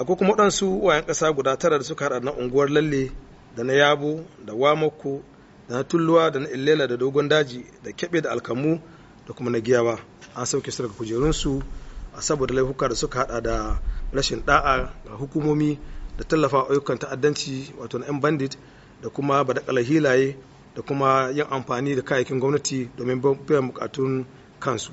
akwai kuma waɗansu wayan ƙasa guda tara da suka haɗa na unguwar lalle da na yabo da wamako da na tulluwa da na illela da dogon daji da keɓe da alkamu da kuma na giyawa an sauke su daga kujerunsu a saboda laifuka da suka haɗa da rashin ɗa'a ga hukumomi da tallafa ayyukan ta'addanci wato na 'yan bandit da kuma badakala hilaye da kuma yin amfani da kayayyakin gwamnati domin biyan bukatun kansu.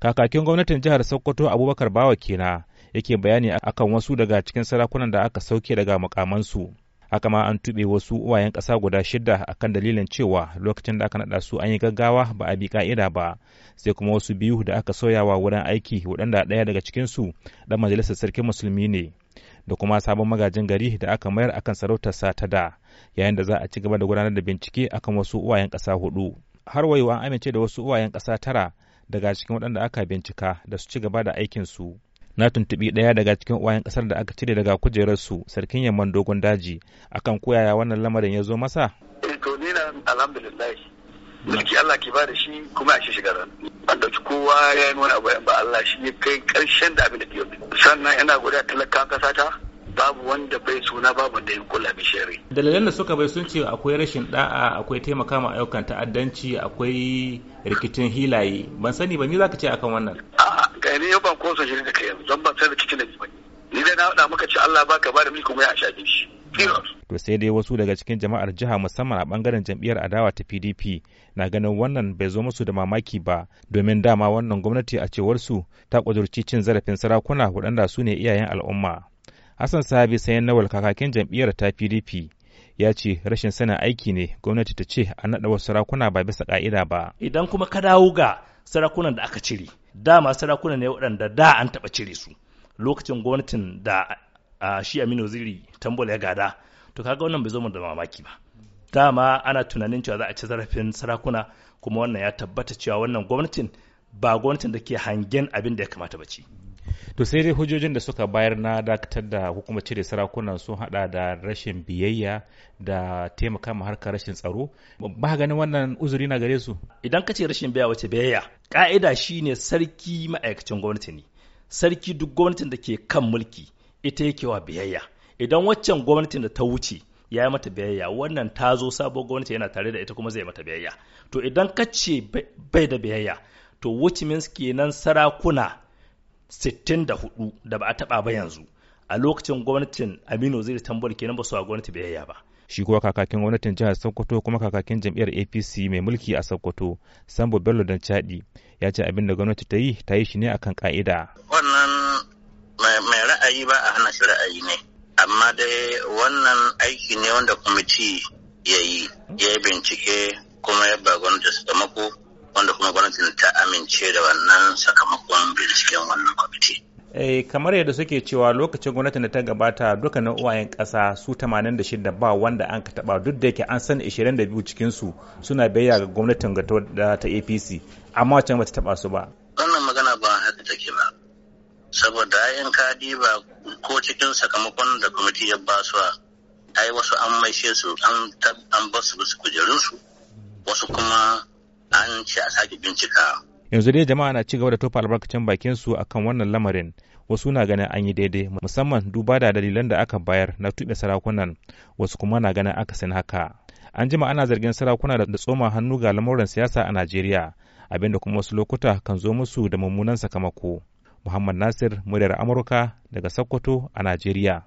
Kakakin gwamnatin jihar Sokoto Abubakar Bawa kenan yake bayani akan wasu daga cikin sarakunan da aka sauke daga makamansu. haka ma an tuɓe wasu uwayen ƙasa guda shida akan dalilin cewa lokacin da aka naɗa su an yi gaggawa ba a bi ka'ida ba sai kuma wasu biyu da aka sauyawa wurin aiki waɗanda ɗaya daga cikinsu ɗan majalisar sarkin musulmi ne da kuma sabon magajin gari da aka mayar akan sarautarsa ta da yayin da za a ci gaba da gudanar da bincike akan wasu uwayen ƙasa hudu har wayo an amince da wasu uwayen ƙasa tara daga cikin waɗanda aka bincika da su ci gaba da aikinsu. na tuntubi ɗaya daga cikin uwayen ƙasar da aka cire daga kujerarsu sarkin yamman dogon daji akan koyaya wannan lamarin ya zo masa. Eh, to ni na alhamdulillah mulki Allah ke bada shi kuma a shi shiga ran an ɗauki kowa ya yi wani abu ba Allah shi ne kai ƙarshen da abin da ke sannan yana godiya talaka ƙasa ta babu wanda bai suna babu da yin kula bishari. Dalilan da suka bai sun ce akwai rashin da'a akwai taimaka ma ayyukan ta'addanci akwai rikicin hilaye ban sani ba ni ka ce akan wannan. Eh, ni yau ban kosa shirin da kai don ban da kicin da ni ni dai na faɗa maka ce Allah baka ba da kuma ya shi to sai dai wasu daga cikin jama'ar jiha musamman a bangaren jam'iyyar adawa ta pdp na ganin wannan bai zo musu da mamaki ba domin dama wannan gwamnati a cewar su ta ƙudurci cin zarafin sarakuna waɗanda su ne iyayen al'umma hassan sahabi sayan nawal kakakin jam'iyyar ta pdp ya ce rashin sanin aiki ne gwamnati ta ce a naɗa wasu sarakuna ba bisa ƙa'ida ba idan kuma ka dawo ga sarakunan da aka cire dama sarakuna ne waɗanda da an taɓa cire su lokacin gwamnatin da shi aminu ziri tambola ya gada to kaga wannan bai zo mu da mamaki ba dama ana tunanin cewa za a ci zarafin sarakuna kuma wannan ya tabbata cewa wannan gwamnatin ba gwamnatin da ke hangen abin da ya kamata ba ce to sai dai hujjojin da suka bayar na dakatar da hukumar kuma cire sarakunan sun hada da rashin biyayya da taimaka ma harkar rashin tsaro ba ganin wannan uzuri na gare su idan ka ce rashin biyayya wace biyayya ƙa'ida shine sarki ma'aikacin gwamnati ne sarki duk gwamnatin da ke kan mulki ita yake wa biyayya idan waccan gwamnatin da ta wuce ya yi mata biyayya wannan ta zo sabuwar gwamnati yana tare da ita kuma zai mata biyayya to idan ka ce bai da biyayya to which means kenan sarakuna 64 da ba a taba ba yanzu a lokacin gwamnatin Aminu zai tambar kenan ba su a gwamnati biyayya ba shi kuwa kakakin gwamnatin jihar sokoto kuma kakakin jam'iyyar apc mai mulki a sokoto sambo bello don chadi ya ce abin da gwamnati ta yi ta yi shi ne akan ka'ida wannan mai ra'ayi ba a hana shi ra'ayi ne amma dai wannan aiki ne wanda kwamiti ya yi ya yi bincike kuma ya ba gwamnati sakamako wanda kuma gwamnatin ta amince da wannan sakamakon binciken wannan Eh, kamar yadda suke cewa lokacin gwamnati da ta gabata dukkanin uwayen kasa su 86 ba wanda an ka taba duk da yake an san 22 cikin su suna bayyana ga gwamnatin da ta APC amma wacce ba ta taba su ba wannan magana ba haka take ba saboda ayin ka diba ko cikin sakamakon da kwamiti ya ba su ai wasu an maishe su an ba su kujerun su wasu kuma an ce a sake bincika yanzu dai jama'a na cigaba da tofa albarkacin bakin su akan wannan lamarin wasu na ganin an yi daidai musamman duba da dalilan da aka bayar na tuɓe sarakunan wasu kuma na ganin akasin haka an jima ana zargin sarakuna da tsoma hannu ga lamuran siyasa a najeriya abinda kuma wasu lokuta kan zo musu da mummunan sakamako muhammad nasir muryar amurka daga sokoto a najeriya